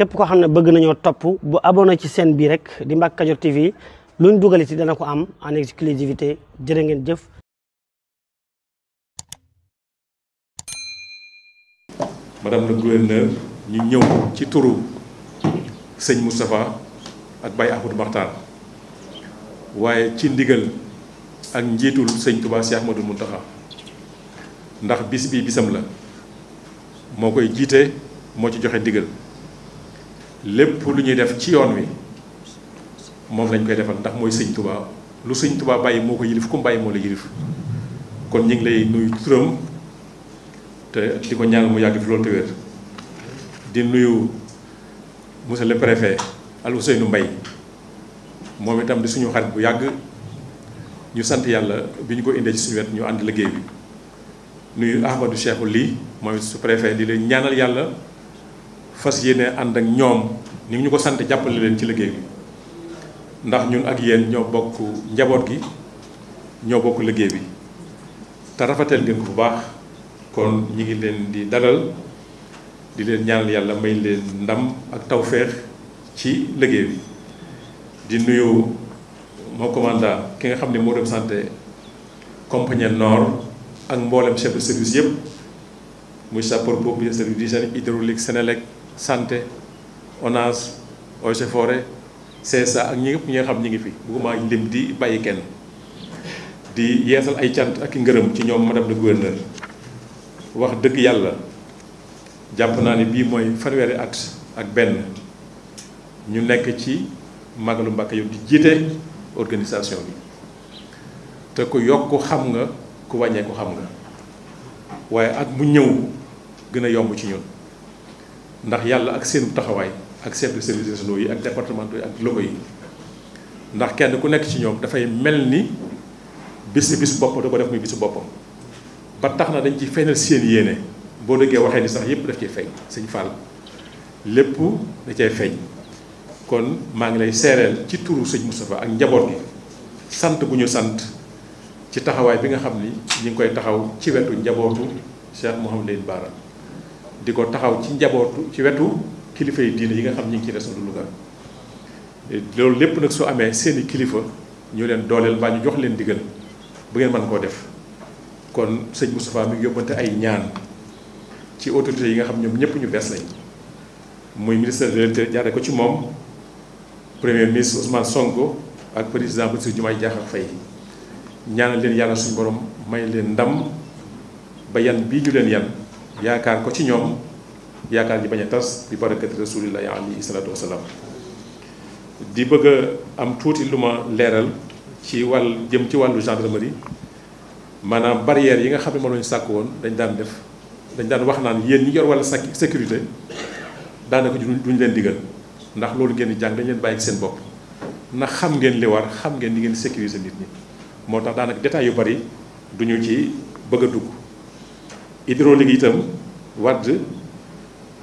képp koo xam ne bëgg nañoo topp bu abonné ci seen bii rek di Mbacke Kadior TV luñ dugal ci dana ko am en exclusivité jërë ngeen jëf madame le gouverneur ñu ñëw ci turu sëñ Moustapha ak Baye Ahmadou Makhtar waaye ci ndigal ak njiitul sëñ Touba Cheikh Ahmadou Mountakha ndax bis bi bisam la moo koy jiite moo ci joxe ndigal lépp lu ñuy def ci yoon wi moom lañ koy defal ndax mooy sëñ Touba lu sëñ Touba bàyyi moo ko yilif ku mu bàyyi moo la yilif kon ñu ngi lay nuyu turam te di ko ñaan mu yàgg fi loolu te di nuyu monsieur le préfet Alioune Mbaye moom itam di suñu xarit bu yàgg ñu sant yàlla bi ñu ko indee ci suñu wet ñu ànd liggéey bi nuyu Ahmadou Cheikhou lii moom it su préfet di la ñaanal yàlla. fas yéene ànd ak ñoom ni ñu ko sant jàppale leen ci liggéey bi ndax ñun ak yéen ñoo bokk njaboot gi ñoo bokk liggéey bi te rafetal ngeen bu baax kon ñi ngi leen di dalal di leen ñaanal yàlla may leen ndam ak tawféex ci liggéey bi di nuyu moo commandant ki nga xam ne moo dem santé compagnie nord ak mboolem chef service yëpp muy sapeur pompier service d'hygiène hydraulique Sénélec santé ONAS Eaux et Forêts ak ñi ñëpp ñi nga xam ñi ngi fi bëgguma lim di bàyyi kenn di yeesal ay cant ak i ngërëm ci ñoom madame le gouverneur wax dëgg yàlla jàpp naa ne bii mooy fanweeri at ak benn ñu nekk ci Magalu Mbàkke Kajoor di jiite organisation bi te ku yokk xam nga ku wàññeeku xam nga waaye at bu ñëw gën a yomb ci ñun ndax yàlla ak seen taxawaay ak chef de service yi ak départementaux yi ak locaux yi ndax kenn ku nekk ci ñoom dafay mel ni bis bis bopp da ko def muy bisu boppam ba tax na dañ ci feeñal seen yéene boo déggee waxee ni sax yépp daf ciy feeñ sëñ Fall lépp da cay feeñ kon maa ngi lay seereel ci turu sëñ Moustapha ak njaboot gi sant bu ñu sant ci taxawaay bi nga xam ni ñu ngi koy taxaw ci wetu njabootu moo Mouhamadou Lamine Bara di ko taxaw ci njabootu ci wetu kilifa yi diine yi nga xam ñu ngi ci région de Louga loolu lépp nag su amee seeni kilifa ñu leen dooleel mbaa ñu jox leen digal bu ngeen mën koo def kon sëñ Moustapha mi ngi yóbbante ay ñaan ci autorités yi nga xam ñoom ñëpp ñu bees lañ muy ministre de jaare ko ci moom premier ministre Ousmane Sonko ak président Bassirou Diomaye Diakhar Faye ñaanal leen yàlla suñu borom may leen ndam ba yan bii ñu leen yan yaakaar ko ci ñoom yaakaar ji bañ a tas bi barakati rasulillahi alayhi salaatu wasalaam di bëgg a am tuuti lu ma leeral ci wal jëm ci wàllu gendarmerie maanaam barrière yi nga xam ne moom lañu sàkk woon dañ daan def dañ daan wax naan yéen ñi yor wàllu sécurité daanaka duñ leen digal ndax loolu ngeen di jàng dañ leen bàyyi ci seen bopp ndax xam ngeen li war xam ngeen ni ngeen sécuriser nit ñi moo tax daanaka détails yu bari duñu ci bëgg dugg hydraulique itam wadd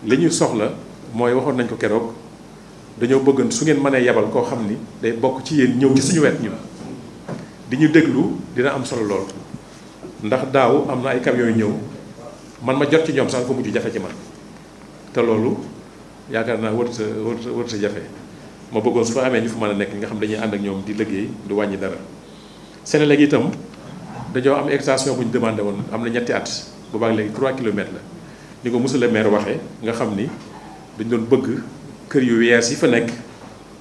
li ñuy soxla mooy waxoon nañ ko keroog dañoo bëggoon su ngeen mënee yebal koo xam ni day bokk ci yéen ñëw ci suñu wet ñu di ñu déglu dina am solo lool ndax daaw am na ay kar yooyu ñëw man ma jot ci ñoom sax ko mujj jafe ci man te loolu yaakaar naa warut sa warut sa jafe ma bëggoon su fa amee ñu fu mën a nekk nga xam dañuy ànd ak ñoom di liggéey du wàññi dara. Senelec itam dañoo am extension bu ñu demandé woon am na ñetti at. boobaag léegi 3 kilomètres la ni ko monsieur le maire waxee nga xam ni dañ doon bëgg kër yu wees yi fa nekk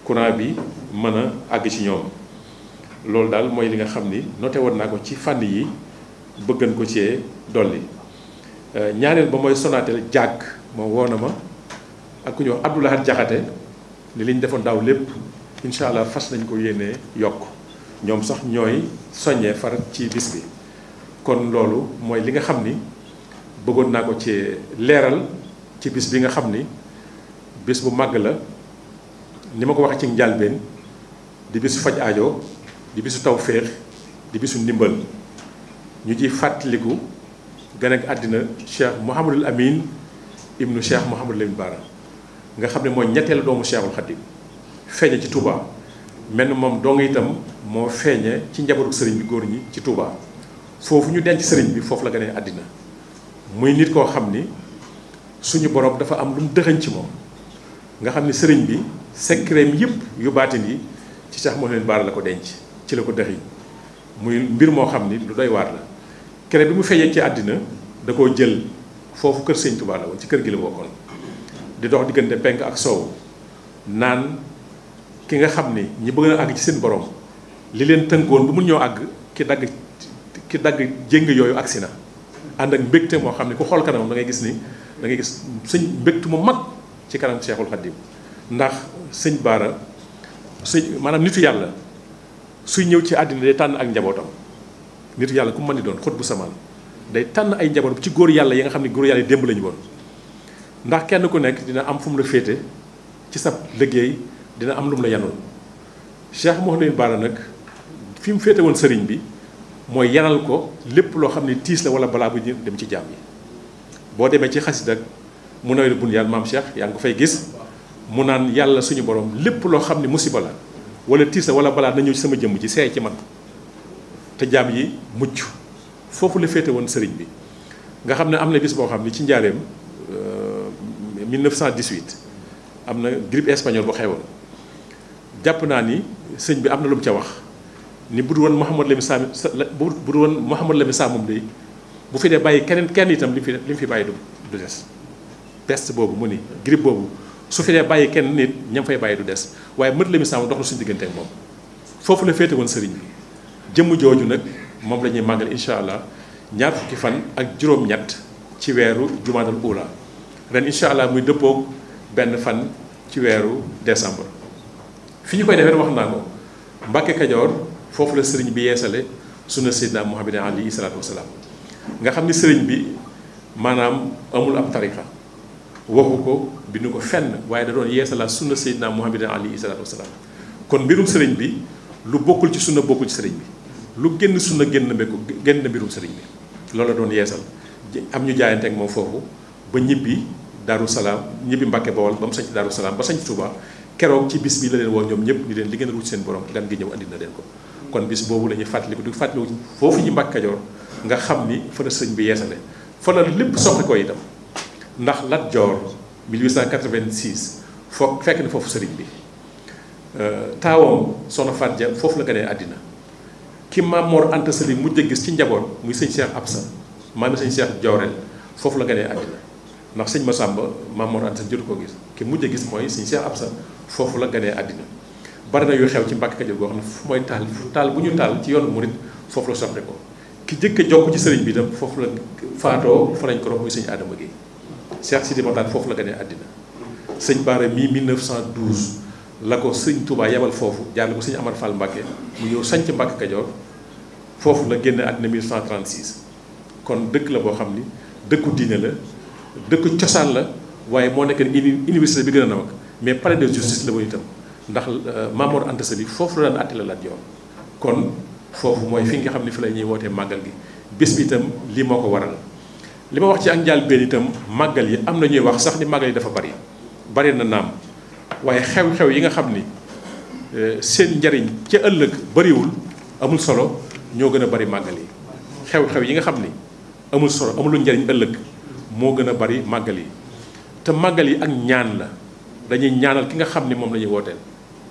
courant bi mën a àgg ci ñoom loolu daal mooy li nga xam ni noté woon naa ko ci fànn yi bëggan ko cee dolli euh, ñaareel ba mooy Sonatel jàkk moom woo na ma ak ku ñuy wax Jaxate ni li ñu defoon daaw lépp incha allah fas nañ ko yéene yokk ñoom sax ñooy soññee far ci bis bi kon loolu mooy li nga xam ni bëggoon naa ko ci leeral ci bis bi nga xam ni bis bu màgg la ni ma ko waxee ci njàlbeen di bisu faj aajo di bisu tawféex di bisu ndimbal ñu ciy fàttaliku gën ak àddina Cheikh Mouhamadul Amin ibnu Cheikh Mouhamadul Amin Baara nga xam ne mooy ñetteelu doomu Cheikhul Khadim feeñe ci tubaa mel moom doo nga itam moo feeñe ci njabootu sëriñ bi góor ñi ci tubaa foofu ñu denc sëriñ bi foofu la gën àddina muy nit koo xam ni suñu borom dafa am lu mu dëxëñ ci moom nga xam ni sëriñ bi secret yëpp yu baatin yi ci Cheikh Mouhamed Bara la ko denc ci la ko dëxëñ muy mbir moo xam ni lu doy waar la kere bi mu feeñee ci àddina da koo jël foofu kër sëñ Tuubaa la woon ci kër gi la bokkoon di dox diggante penk ak soow naan ki nga xam ni ñi bëgg na àgg ci seen borom li leen tënkoon bu mu ñoo àgg ki dagg ki dagg jéng yooyu agsi na ànd ak mbégte moo xam ne ku xool kanam da ngay gis ni da ngay gis sëñ mbégte mu mag ci kanam Cheikhul Khadim ndax sëñ Baara sëñ maanaam nitu yàlla suy ñëw ci àddina day tànn ak njabootam nitu yàlla ku mën di doon xut bu samaan day tànn ay njaboot ci góor yàlla yi nga xam ne góor yàlla yi démb lañu woon ndax kenn ku nekk dina am fu mu la féete ci sa liggéey dina am lu mu la yanoon Cheikh Mouhamadou Bara nag fi mu féete woon sëriñ bi mooy yaral ko lépp loo xam ne tiis la wala balaa bu ñu dem ci jaam yi boo demee ci xasida mu nawee bun yaan maam Cheikh yaa ngi ko fay gis mu naan yàlla suñu borom lépp loo xam ne musiba la wala tiis la wala balaa na ñëw ci sama jëmm ji seey ci man te jaam yi mucc foofu la féete woon sëriñ bi nga xam ne am na bis boo xam ne ci njaareem 1918 euh, am na grippe espagnole bu xewoon jàpp naa ni sëñ bi am na lu ca wax ni bu du woon Mouhamadou Lamine Sam bu du woon Mouhamadou Lamine Sam moom day bu fi dee bàyyi keneen kenn itam li mu fi li mu fi bàyyi du du des peste boobu mu ni grippe boobu su fi dee bàyyi kenn nit ñam fay bàyyi du des waaye Mouhamadou Lamine Sam dox na suñu diggante moom foofu la féete woon sëriñ bi jëmm jooju nag moom la ñuy màggal incha allah ñaar fukki fan ak juróom ci weeru jumaadal uula ren incha allah muy dëppoog benn fan ci weeru décembre fi ñu koy defee wax naa ko Mbàkke Kajoor foofu la sëriñ bi yeesale sunna seydina muhammadin alayhi salaatu wasalaam nga xam ni sëriñ bi maanaam amul ab tariqa waxu ko bindu ko fenn waaye da doon yeesalaat sunna seydina muhammadin alayhi salaatu wasalaam kon mbirum sëriñ bi lu bokkul ci sunna bokkul ci sëriñ bi lu génn sunna génn mbéku génn mbirum sëriñ bi loolu la doon yeesal am ñu jaayante ak moom foofu ba ñibbi daaru salaam ñibbi Mbàkke Bawol ba mu sañc daaru salaam ba sañc Tuubaa keroog ci bis bi la leen woo ñoom ñëpp ni leen li ngeen ruuj seen borom gan gi ñëw andi leen ko kon bis boobu la ñuy fàttaliku di fàttaliku foofu ñu Mbàkke Kajoor nga xam ni fa la sëñ bi yeesale fa la lépp soxla ko itam ndax Lat Joor 1886 foog fekk na foofu sëriñ bi euh, taawam soxna Faat foofu la gënee àddina ki Maam Mor Anta Sali mujj a gis ci njaboot muy sëñ Cheikh Absa maanaam sëñ Cheikh Jooreel foofu la gënee àddina ndax sëñ ma Maam mamoor Anta Sali jotu ko gis ki mujj gis mooy sëñ Cheikh Absa foofu la ganee àddina bari na yu xew ci Mbàkke Kajoor boo xam ne fu mooy taal taal bu ñu taal ci yoonu murit foofu la soppe ko ki jëkk a ci sëriñ bi itam foofu la faatoo fa lañ ko rox muy sëñ Adama Gueye Cheikh Sidi Mokhtar foofu la ganee àddina sëñ Baara mii 1912 la ko sëñ Touba yebal foofu jaarle ko sëñ Amar Fall Mbàkke mu ñëw sanc Mbàkke Kajoor foofu la génne àddina 1936 kon dëkk la boo xam ni dëkku diine la dëkku cosaan la waaye moo nekk université bi gën a naw ak mais palais de justice la woon itam ndax euh, Mamor Anta Sali foofu la daan àtte la Lat Joor kon foofu mooy fi nga xam ne fi la ñuy wootee màggal gi bis bi itam lii moo ko waral li ma wax ci ak njëlbéen itam màggal yi am na ñuy wax sax ni màggal yi dafa bari bari na naam waaye xew-xew yi nga xam ni euh, seen njariñ ca ëllëg bariwul amul solo ñoo gën a bari màggal yi xew-xew yi nga xam ni amul solo amul njariñ ëllëg moo gën a bari màggal yi te màggal yi ak ñaan la dañuy ñaanal ki nga xam ni moom la ñuy wooteel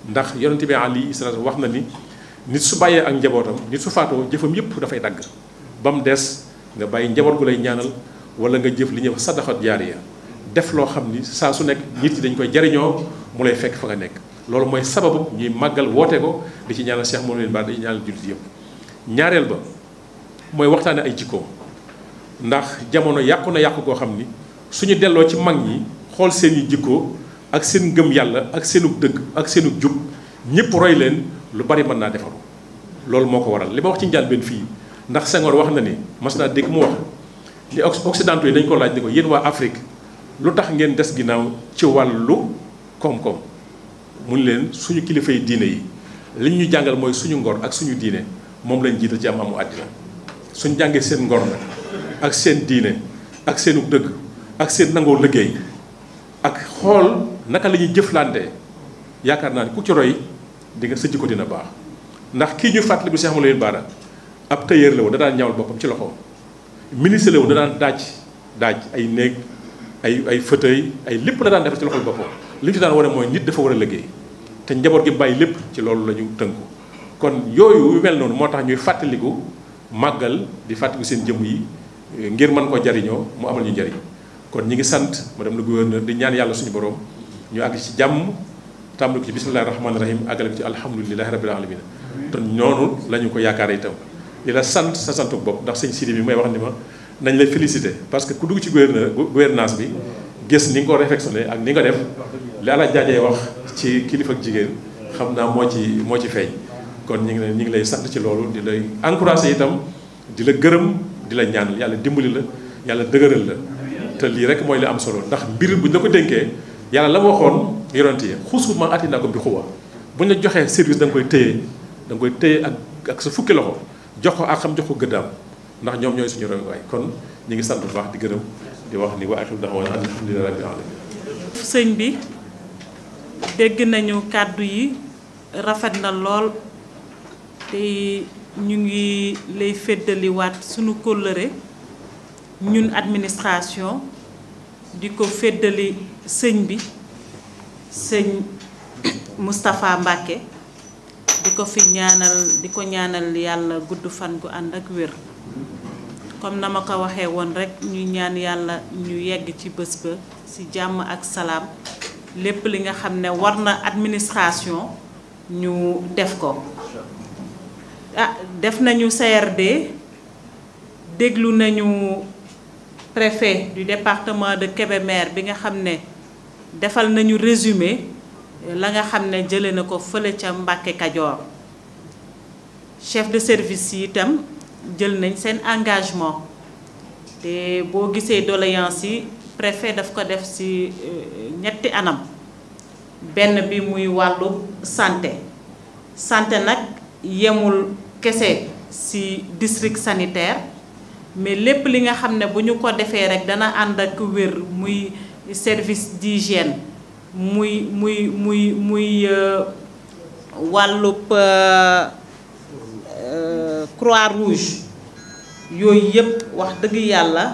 ndax yonent bi lii salaam wax na ni nit su bàyyee ak njabootam nit su faatoo jëfam yépp dafay dagg ba mu des nga bàyyi njaboot gu lay ñaanal wala nga jëf li ñuy wax jaar jaariya def loo xam ni saa su nekk nit yi dañ koy jariñoo mu lay fekk fa nga nekk loolu mooy sababu ñuy màggal wootee ko di ci ñaanal Cheikh Mouhamadou Bara di ñaanal jullit yëpp ñaareel ba mooy waxtaane ay jikkoom ndax jamono yàqu na yàqu koo xam ni suñu delloo ci mag ñi xool seen i jikkoo ak seen ngëm yàlla ak seenu dëgg ak seenu jub ñëpp roy leen lu bari mën naa defaru loolu moo ko waral li ma wax ci njëlbéen fii ndax Senghor wax na ni mas naa dégg mu wax li occidentaux yi dañ ko laaj ni ko yéen waa Afrique lu tax ngeen des ginnaaw ci wàllu koom-koom mun leen suñu kilifa yi diine yi li ñu jàngal mooy suñu ngor ak suñu diine moom lañ jiital ci am amu àddina suñ jàngee seen ngor nag ak seen diine ak seenu dëgg ak seen nangoo liggéey naka lañuy jëflante yaakaar naa ne ku ci roy di nga sëjj ko dina baax ndax kii ñu fàttali bu Cheikh Amadou Lamine Bara ab tailleur la woon da daan ñawal boppam ci loxoom ministre la woon da daan daaj daaj ay néeg ay ay fauteuil ay lépp la daan defar ci loxol boppam li ñu ci daan wane mooy nit dafa war a liggéey te njaboot gi bàyyi lépp ci loolu lañu ñu tënku kon yooyu wel noonu moo tax ñuy fàttaliku màggal di fàttaliku seen jëm yi ngir mën ko jariñoo mu amal ñu jariñ kon ñi ngi sant madame le gouverneur di ñaan yàlla suñu borom ñu àgg ci jàmm tàmbali ko ci bismillahi rahmaani rahim àggale ko ci alhamdulilahi rabbil alamin te noonu la ñu ko yaakaar itam di la sant sa santuk bopp ndax sëñ Sidi bi may wax ni ma nañ la félicité parce que ku dugg ci gouverneur gouvernance bi gis ni nga ko réflexionné ak ni nga def li ala jaajee wax ci kilifa jigéen xam naa moo ci moo ci feeñ kon ñu ngi lay ñu ngi lay sant ci loolu di lay encouragé itam di la gërëm di la ñaan yàlla dimbali la yàlla dëgëral la lii rek mooy li am solo ndax mbir bu ñu ko dénkee yàlla la waxoon yonent yi xusu ma ati ko bi xuwa bu ñu joxee service da nga koy téye da nga koy téye ak ak sa fukki loxo jox ko ak xam jox ko gëddaam ndax ñoom ñooy suñu royuwaay kon ñu ngi sant bu baax di gërëm di wax ni wa axiru da'waana alhamdulilah rabbil alamin sëñ bi dégg nañu kàddu yi rafet na lool te ñu ngi lay féddaliwaat suñu kóllëre ñun administration di ko féddali sëñ bi sëñ Moustapha Mbacke di ko fi ñaanal di ko ñaanal yàlla gudd fan gu ànd ak wér comme na ma ko waxee woon rekk ñu ñaan yàlla ñu yegg ci bés ba ci jàmm ak salaam lépp li nga xam ne war na administration ñu def ko ah, def nañu CRD déglu nañu préfet du département de Kébémer bi nga xam ne defal nañu résumé euh, la nga xam ne jële na ko fële ca Mbàkke Kajoor chef de service yi itam jël nañ seen engagement te boo gisee doléance yi préfet daf ko def ci euh, ñetti anam benn bi muy wàllu santé santé nag yemul kese ci district sanitaire mais lépp li nga xam ne bu ñu ko defee rekk dana ànd ak wér muy service d'hygiène muy muy muy muy euh, wàllub euh, euh, croix rouge yooyu yëpp wax dëgg yàlla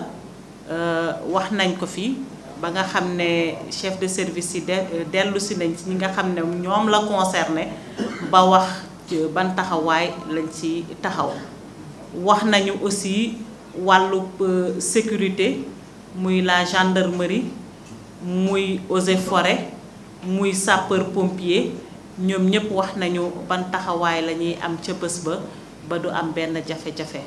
wax nañ ko fi ba nga xam ne chef de service yi de dellu si nañ ci ñi nga xam ne ñoom la concerné ba wax ban taxawaay lañ ci taxaw wax nañu aussi wàllub sécurité muy la gendarmerie muy eaux et muy sapeur pompier ñoom ñëpp wax nañu ban taxawaay la ñuy am ca bës ba ba du am benn jafe-jafe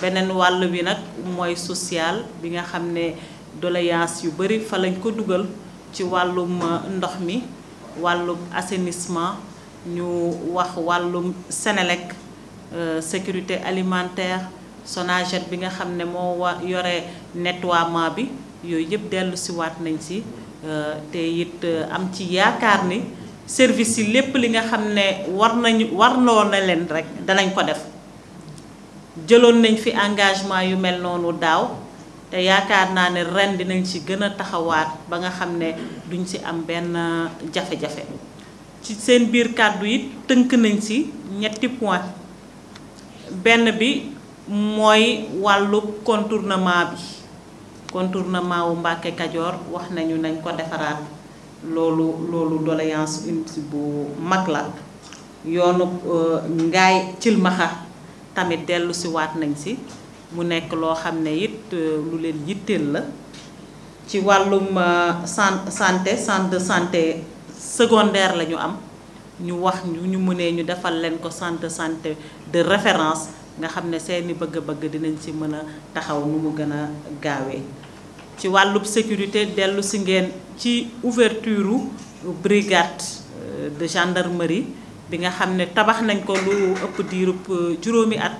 beneen wàll bi nag mooy social bi nga xam ne doléance yu bëri fa lañ ko dugal ci wàllum ndox mi wàllum assainissement ñu wax wàllum Senelec euh, sécurité alimentaire Sonaged bi nga xam ne moo wa yore nettoiement bi yooyu yëpp dellu si waat nañ si euh, te it euh, am ci yaakaar ni service yi lépp li nga xam ne war nañu warloo na leen rek danañ ko def jëloon nañ fi engagement yu mel noonu daaw te yaakaar naa ne ren dinañ ci gën a taxawaat ba nga xam ne duñ si am benn jafe-jafe ci seen biir kàddu it tënk nañ si ñetti point benn bi mooy wàllu contournement bi contournement wu Mbàkke Kajoor wax nañu nañ ko defaraat loolu loolu doléance unité bu mag la yoonu euh, ngaay cilmaxa tamit dellu si waat nañ si mu nekk loo xam ne it euh, lu leen yitteel la ci wàllum euh, santé centre santé secondaire la ñu am ñu wax ñu ñu mënee ñu defal leen ko centre santé de référence nga xam ne seeni bëgg-bëgg dinañ ci mën a taxaw nu mu gën a gaawee ci wàllub sécurité dellu si ngeen ci ouverture brigade euh, de gendarmerie bi nga xam ne tabax nañ ko lu ëpp diirub euh, juróomi at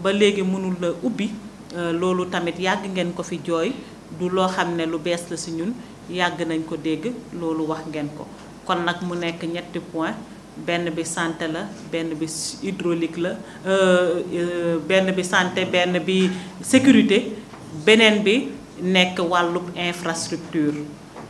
ba léegi mënul la ubbi euh, loolu tamit yàgg ngeen ko fi jooy du loo xam ne lu bees la si ñun yàgg nañ ko dégg loolu wax ngeen ko kon nag mu nekk ñetti point benn bi santé la benn bi hydraulique la euh, euh, benn bi santé benn bi sécurité beneen bi nekk wàllub infrastructure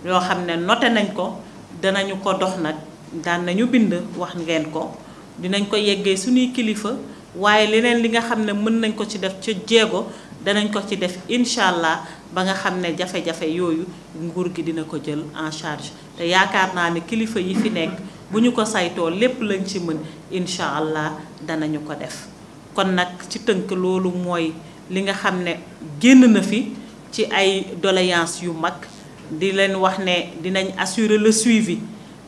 yoo xam ne noté nañ ko danañu ko dox nag daan nañu bind wax ngeen ko dinañ ko yeggee suñuy kilifa waaye leneen li nga xam ne mën nañ ko ci def ca jéego danañ ko ci def incha allah ba nga xam ne jafe-jafe yooyu nguur gi dina ko jël en charge te yaakaar naa ne kilifa yi fi nekk bu ñu ko saytoo lépp lañ ci mën incha allah danañu ko def kon nag ci tënk loolu mooy li nga xam ne génn na fi ci ay doléance yu mag di leen wax ne dinañ assurer le suivi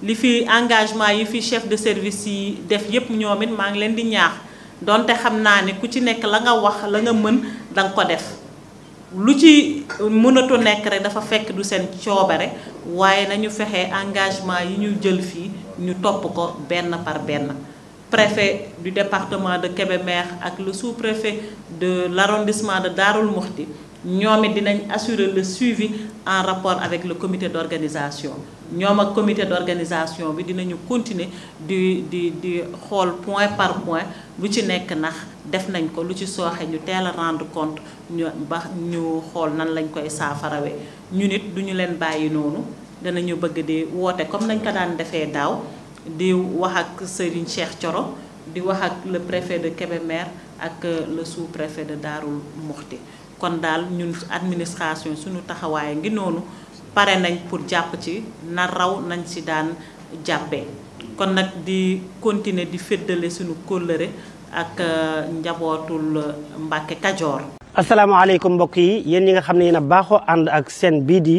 li fi engagement yi fi chef de service yi def yépp ñoom it maa ngi leen di ñaax donte xam naa ne ku ci nekk la nga wax la nga mën danga ko def lu ci mënatu nekk rek dafa fekk du seen coobare waaye nañu fexe engagement yi ñu jël fii ñu topp ko benn par benn préfet du département de Kébémer ak le sous-préfet de l'arrondissement de Darou Mouhty ñoom it dinañ assurer le suivi en rapport avec le comité d'organisation ñoom ak comité d'organisation bi dinañu continuer di di di xool point par point lu ci nekk ndax def nañ ko lu ci sooxe ñu teel a rendre compte ñu ba ñu xool nan lañ koy saafarawee ñu nit duñu leen bàyyi noonu danañu bëgg di woote comme nañ ko daan defee daaw di wax ak Serigne Cheikh coro di wax ak le préfet de Kébémer ak euh, le suu préfet de Darou Mouhty kon daal ñun administration suñu taxawaay ngi noonu pare nañ pour jàpp ci na raw nañ si daan jàppee kon nag di continuer di féddale sunu kóllëre ak euh, njabootul Mbàkke Kajoor asalaamaaleykum mbokk yi yéen ñi nga xam ne yéen baaxoo ànd ak seen bii di